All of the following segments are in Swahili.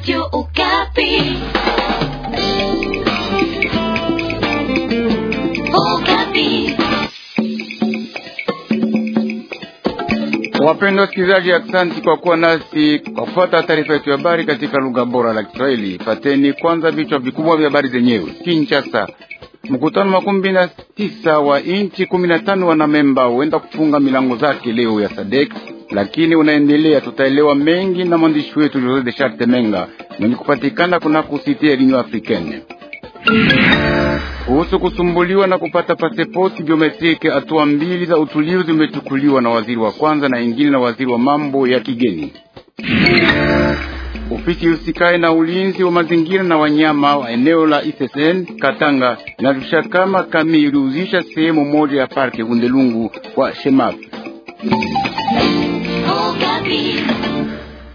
Radio Okapi. Okapi. Wapendwa wasikilizaji, asante kwa kuwa nasi kwa kufuata taarifa yetu ya habari katika lugha bora la Kiswahili. pateni kwanza vichwa vikubwa vya habari zenyewe. Kinshasa, mkutano wa na tisa wa inchi kumi na tano wanamemba huenda kufunga milango zake leo ya Sadek lakini unaendelea. Tutaelewa mengi na mwandishi wetu Jose de Charte Menga mwenye kupatikana kuna kusitia Reunion Africaine kuhusu kusumbuliwa na kupata pasipoti biometrike. Hatua mbili za utulivu zimechukuliwa na waziri wa kwanza na ingine na waziri wa mambo ya kigeni. Ofisi husikae na ulinzi wa mazingira na wanyama wa eneo la ISSN Katanga inajulisha kama kami iliuzisha sehemu moja ya parki Gundelungu kwa Shemaf.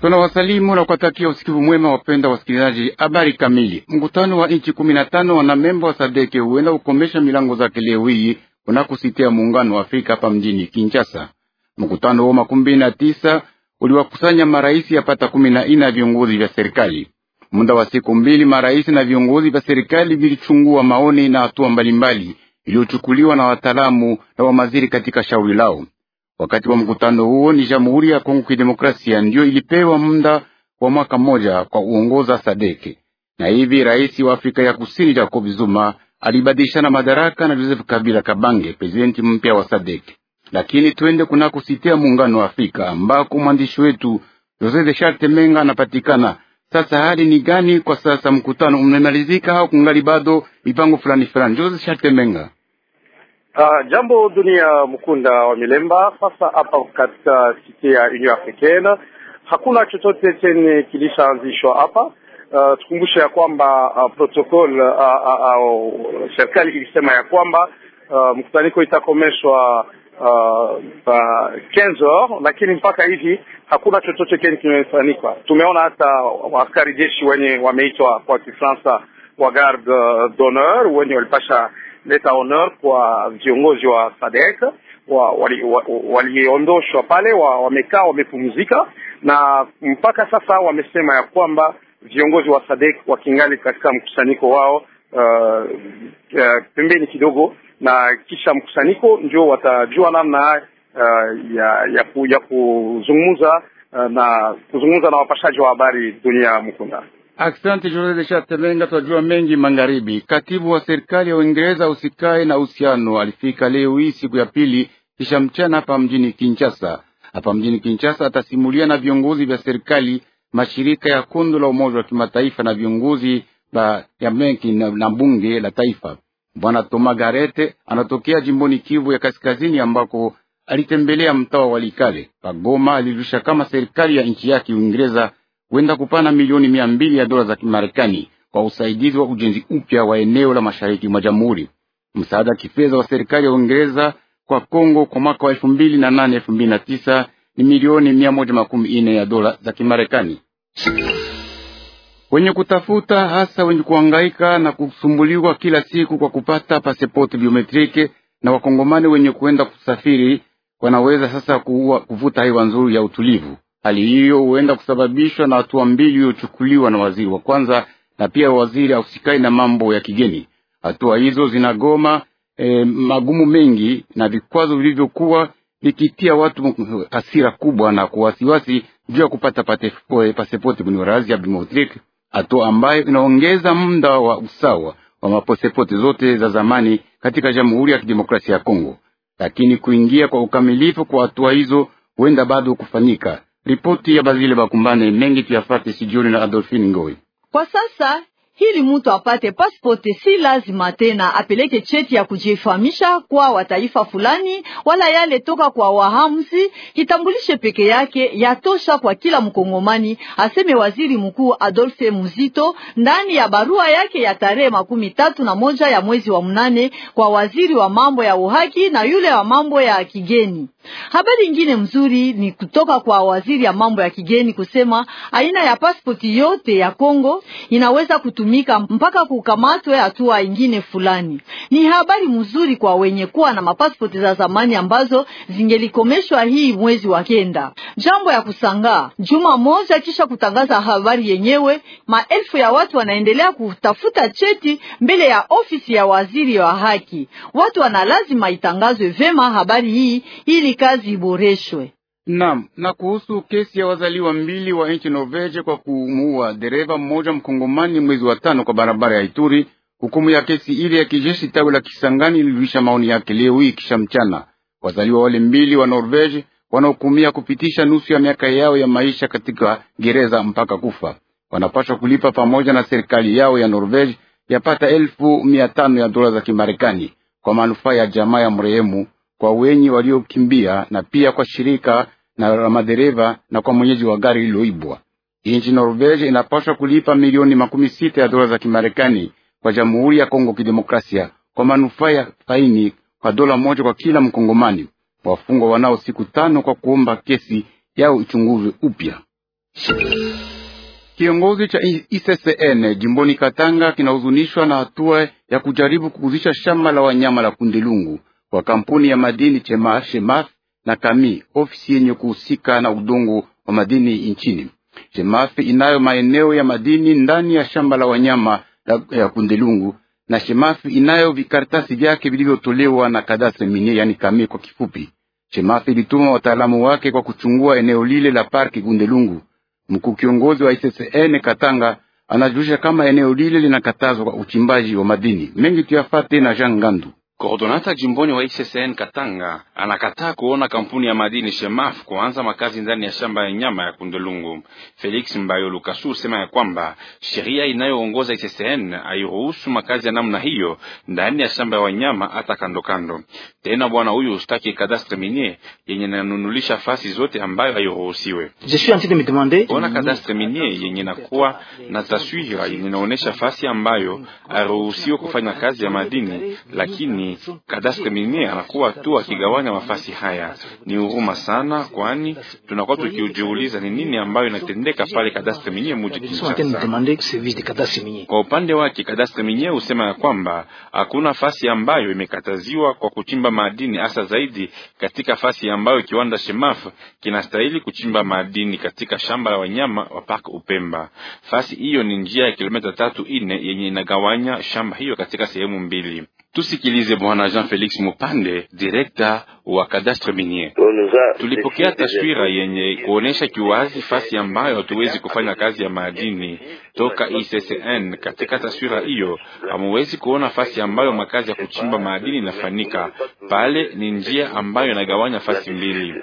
Tunawasalimu na kuwatakia usikivu mwema, wapenda wasikilizaji. Habari kamili. Mkutano wa nchi kumi na tano memba wa Sadeke huenda kukomesha milango zake leo hii unakusitia muungano wa Afrika hapa mjini Kinshasa. Mkutano wa makumi mbili na tisa uliwakusanya maraisi yapata kumi na nne ya viongozi vya serikali. Muda wa siku mbili, maraisi na viongozi vya serikali vilichungua maoni na hatua mbalimbali iliyochukuliwa na wataalamu na wamaziri katika shauri lao. Wakati wa mkutano huo ni Jamhuri ya Kongo Kidemokrasia ndiyo ilipewa muda wa mwaka mmoja kwa uongoza Sadeke, na hivi rais wa Afrika ya Kusini Jacob Zuma alibadilishana madaraka na Joseph Kabila Kabange, presidenti mpya wa Sadeke. Lakini twende kunako muungano wa Afrika ambako mwandishi wetu Jose de Sharte Menga anapatikana. Sasa hali ni gani kwa sasa? Mkutano umemalizika au kungali bado mipango fulani fulani? Jose Sharte Menga. Uh, jambo dunia, mkunda wa milemba. Sasa hapa katika site ya Union Africaine hakuna chochote chenye kilishaanzishwa hapa. Uh, tukumbushe ya kwamba uh, protocol uh, uh, uh, serikali ilisema ya kwamba uh, mkutaniko itakomeshwa uh, uh, 15h lakini mpaka hivi hakuna chochote kenye kimefanyika. Tumeona hata askari jeshi wenye wameitwa kwa Kifaransa wa garde d'honneur wenye walipasha leta honor kwa viongozi wa SADC waliondoshwa wa, wali pale wamekaa wamepumzika, na mpaka sasa wamesema ya kwamba viongozi wa SADC wakingali katika mkusanyiko wao uh, uh, pembeni kidogo, na kisha mkusanyiko ndio watajua namna uh, ya ya, ku, ya kuzungumza uh, na kuzungumza na wapashaji wa habari dunia mkunda. Asante Jose de Chatelenga, tunajua mengi magharibi. Katibu wa serikali ya Uingereza usikae na uhusiano alifika leo hii siku ya pili kisha mchana hapa mjini Kinshasa. Hapa mjini Kinshasa atasimulia na viongozi vya serikali, mashirika ya kundu la Umoja wa Kimataifa na viongozi ya benki na, na bunge la taifa. Bwana Toma Garete anatokea jimboni Kivu ya Kaskazini, ambako alitembelea mtawa wa Walikale pagoma. Alirusha kama serikali ya nchi yake Uingereza kwenda kupana milioni mia mbili ya dola za Kimarekani kwa usaidizi wa ujenzi upya wa eneo la mashariki mwa jamhuri. Msaada wa kifedha wa serikali ya Uingereza kwa Kongo kwa mwaka wa elfu mbili na nane elfu mbili na tisa ni milioni mia moja makumi ine ya dola za Kimarekani. Wenye kutafuta hasa wenye kuhangaika na kusumbuliwa kila siku kwa kupata pasipoti biometrike na wakongomani wenye kuenda kusafiri wanaweza sasa kuwa, kuvuta hewa nzuri ya utulivu. Hali hiyo huenda kusababishwa na hatua mbili iliyochukuliwa na waziri wa kwanza na pia waziri ausikai na mambo ya kigeni. Hatua hizo zinagoma e, magumu mengi na vikwazo vilivyokuwa vikitia watu hasira kubwa na kuwasiwasi juu ya kupata eh, pasipoti buniorazi ya biometriki, hatua ambayo inaongeza muda wa usawa wa mapasepoti zote za zamani katika Jamhuri ya Kidemokrasia ya Kongo, lakini kuingia kwa ukamilifu kwa hatua hizo huenda bado kufanyika. Ripoti ya Bazile Bakumbane mengi tuyafate sijoni na Adolfine Ngoi. Kwa sasa hili mtu apate pasipoti si lazima tena apeleke cheti ya kujifahamisha kwa wataifa fulani wala yale toka kwa wahamzi. Kitambulishe peke yake yatosha kwa kila mkongomani, aseme waziri mkuu Adolphe Muzito ndani ya barua yake ya tarehe makumi tatu na moja ya mwezi wa mnane kwa waziri wa mambo ya uhaki na yule wa mambo ya kigeni. Habari ingine mzuri ni kutoka kwa waziri ya mambo ya kigeni kusema aina ya pasipoti yote ya Kongo inaweza kutumika mpaka kukamatwe hatua ingine fulani. Ni habari mzuri kwa wenye kuwa na mapasipoti za zamani ambazo zingelikomeshwa hii mwezi wa kenda. Jambo ya kusangaa, juma moja kisha kutangaza habari yenyewe, maelfu ya watu wanaendelea kutafuta cheti mbele ya ofisi ya waziri wa haki. Watu wana lazima itangazwe vema habari hii ili kazi iboreshwe. Naam, na kuhusu kesi ya wazaliwa mbili wa nchi Norvege kwa kumuua dereva mmoja mkongomani mwezi wa tano kwa barabara ya Ituri, hukumu ya kesi ile ya kijeshi tawi la Kisangani iliwisha maoni yake leo hii kisha mchana. Wazaliwa wale mbili wa Norvege wanaohukumia kupitisha nusu ya miaka yao ya maisha katika gereza mpaka kufa, wanapaswa kulipa pamoja na serikali yao ya Norvege yapata elfu mia tano ya dola za Kimarekani kwa manufaa ya jamaa ya mrehemu kwa wenye waliokimbia na pia kwa shirika na la madereva na kwa mwenyeji wa gari lililoibwa. Inchi Norvege inapaswa kulipa milioni makumi sita ya dola za Kimarekani kwa Jamhuri ya Kongo Kidemokrasia kwa manufaa ya faini kwa dola moja kwa kila Mkongomani. Wafungwa wanao siku tano kwa kuomba kesi yao ichunguzwe upya. Kiongozi cha ICCN jimboni Katanga kinahuzunishwa na hatua ya kujaribu kuuzisha shamba la wanyama la Kundilungu kwa kampuni ya madini Chema Chemaf na Kami, ofisi yenye kuhusika na udongo wa madini nchini. Chemaf inayo maeneo ya madini ndani ya shamba la wanyama la, ya Kundelungu na Chemaf inayo vikaratasi vyake vilivyotolewa na kadastre minye, yani Kami kwa kifupi. Chemaf ilituma wataalamu wake kwa kuchungua eneo lile la parki Kundelungu. Mkuu kiongozi wa issn Katanga anajulisha kama eneo lile linakatazwa kwa uchimbaji wa madini mengi. Tuyafate na Jean Ngandu. Koordonata jimboni wa ICCN Katanga anakataa kuona kampuni ya madini Shemaf kuanza makazi ndani ya shamba ya nyama ya Kundelungu. Felix Mbayo Lukasu sema ya kwamba sheria inayoongoza ICCN hairuhusu makazi ya namna hiyo ndani ya shamba ya wanyama hata kando kando. Tena bwana huyu ustaki kadastre minier yenye nanunulisha fasi zote ambayo hairuhusiwe. Ona kadastre minier yenye nakuwa na taswira yenye naonesha fasi ambayo hairuhusiwe kufanya kazi ya madini lakini fulani. Kadaste mini anakuwa tu akigawanya mafasi haya, ni huruma sana, kwani tunakuwa tukiujiuliza ni nini ambayo inatendeka pale kadaste mini muji Kinshasa. Kwa upande wake kadaste mini husema ya kwamba hakuna fasi ambayo imekataziwa kwa kuchimba madini, hasa zaidi katika fasi ambayo kiwanda Shemaf kinastahili kuchimba madini katika shamba la wanyama wa park Upemba. Fasi hiyo ni njia ya kilomita tatu ine yenye inagawanya shamba hiyo katika sehemu mbili. Tusikilize Bwana Jean Felix Mupande, direkta wa kadastre minier. Tulipokea taswira yenye kuonesha kiwazi fasi ambayo hatuwezi kufanya kazi ya madini toka ICCN. Katika taswira hiyo hamuwezi kuona fasi ambayo makazi ya kuchimba madini inafanyika. Pale ni njia ambayo inagawanya fasi mbili.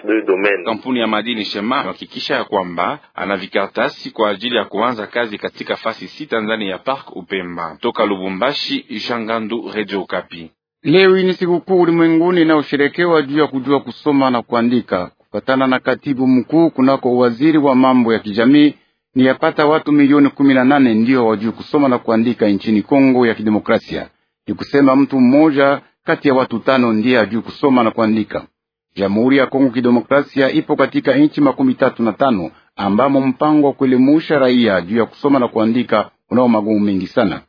Kampuni ya madini Shema anahakikisha ya kwamba ana vikartasi kwa ajili ya kuanza kazi katika fasi sita ndani ya Park Upemba. Toka Lubumbashi, Jangandu, Radio Kapi. Leo ni sikukuu ulimwenguni inayosherekewa juu ya kujua kusoma na kuandika. Kufatana na katibu mkuu kunako waziri wa mambo ya kijamii, ni yapata watu milioni kumi na nane ndio hawajui kusoma na kuandika nchini Kongo ya Kidemokrasia. Ni kusema mtu mmoja kati ya watu tano ndiye hajui kusoma na kuandika. Jamhuri ya Kongo Kidemokrasia ipo katika nchi makumi tatu na tano ambamo mpango wa kuelimisha raia juu ya kusoma na kuandika unao magumu mengi sana.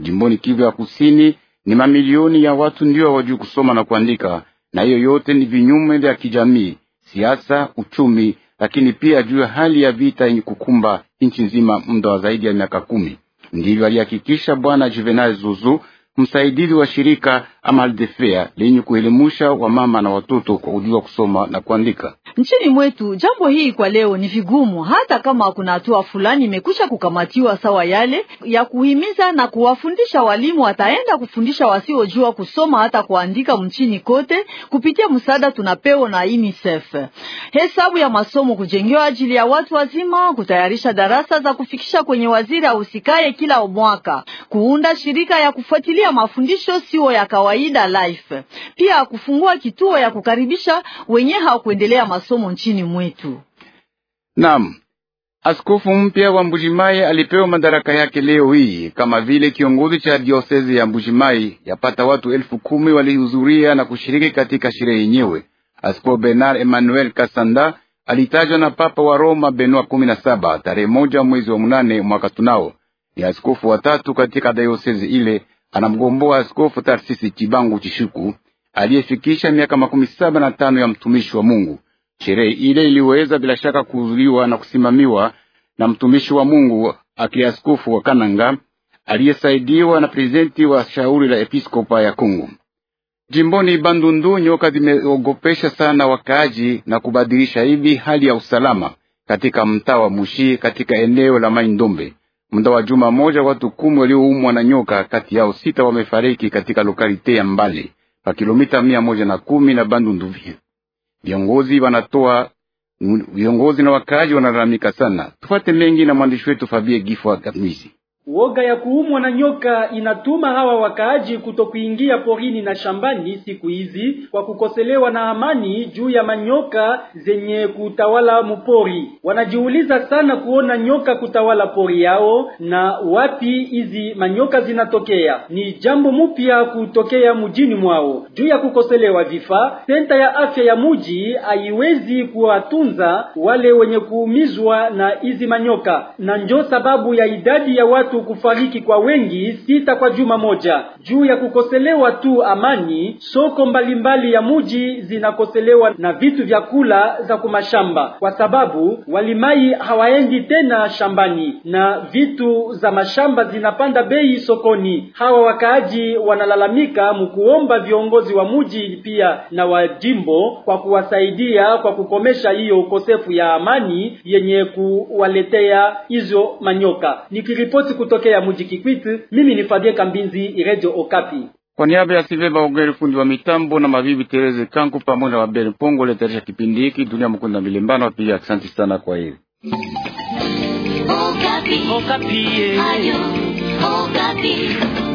Jimboni Kivu ya Kusini ni mamilioni ya watu ndiyo hawajui kusoma na kuandika, na hiyo yote ni vinyume vya kijamii, siasa, uchumi, lakini pia juu ya hali ya vita yenye kukumba nchi nzima muda wa zaidi ya miaka kumi. Ndivyo alihakikisha Bwana Juvenal Zuzu, msaidizi wa shirika Amaldefea lenye kuelimusha wamama na watoto kwa ujua kusoma na kuandika nchini mwetu. Jambo hii kwa leo ni vigumu, hata kama kuna hatua fulani imekwisha kukamatiwa, sawa yale ya kuhimiza na kuwafundisha walimu wataenda kufundisha wasiojua kusoma hata kuandika mchini kote kupitia msaada tunapewa na UNICEF. Hesabu ya masomo kujengewa ajili ya watu wazima, kutayarisha darasa za kufikisha kwenye waziri ahusikaye kila mwaka, kuunda shirika ya kufuatilia mafundisho sio ya kawaida life, pia kufungua kituo ya kukaribisha wenye hawakuendelea masomo nchini mwetu. Naam. Askofu mpya wa Mbujimai alipewa madaraka yake leo hii kama vile kiongozi cha diosezi ya Mbujimai. Yapata watu elfu kumi walihudhuria na kushiriki katika sherehe yenyewe. Askofu Bernard Emmanuel Kasanda alitajwa na Papa wa Roma Benua kumi na saba tarehe moja mwezi wa mnane mwaka tunao. Ni askofu watatu katika diosezi ile, anamgomboa askofu Tarsisi Chibangu Chishuku aliyefikisha miaka makumi saba na tano ya mtumishi wa Mungu. Sherehe ile iliweza bila shaka kuhudhuriwa na kusimamiwa na mtumishi wa Mungu akiaskofu wa Kananga aliyesaidiwa na prezidenti wa shauri la episkopa ya Kongo. Jimboni Bandundu, nyoka zimeogopesha sana wakaaji na kubadilisha hivi hali ya usalama katika mtaa wa Mushi katika eneo la Maindombe. Muda wa juma moja, watu kumi walioumwa na nyoka, kati yao sita wamefariki katika lokalite ya Mbale pa kilomita mia moja na kumi na Bandundu. Viongozi wanatoa viongozi na wakaaji wanalalamika sana. Tufate mengi na mwandishi wetu Fabie Gifwa Gamizi. Woga ya kuumwa na nyoka inatuma hawa wakaaji kutokuingia porini na shambani siku hizi kwa kukoselewa na amani juu ya manyoka zenye kutawala mpori. Wanajiuliza sana kuona nyoka kutawala pori yao na wapi hizi manyoka zinatokea. Ni jambo mupya kutokea mjini mwao. Juu ya kukoselewa vifaa, senta ya afya ya muji haiwezi kuwatunza wale wenye kuumizwa na hizi manyoka, na njo sababu ya idadi ya watu watu kufariki kwa wengi sita kwa juma moja, juu ya kukoselewa tu amani. Soko mbalimbali ya muji zinakoselewa na vitu vya kula za kumashamba, kwa sababu walimai hawaendi tena shambani na vitu za mashamba zinapanda bei sokoni. Hawa wakaaji wanalalamika mkuomba viongozi wa muji pia na wa jimbo kwa kuwasaidia kwa kukomesha hiyo ukosefu ya amani yenye kuwaletea hizo manyoka. Nikiripoti kutokea muji Kikwiti. Mimi ni Fabien Kambinzi, Radio Okapi. Kwa niaba ya Silve Baogeri, fundi wa mitambo na mabibi Tereze Kanku pamoja na Waberi Pongo letarisha kipindi hiki dunia mkunda milimbano wapiga. Asante sana kwa hili Okapi. Okapi. Ayo, Okapi.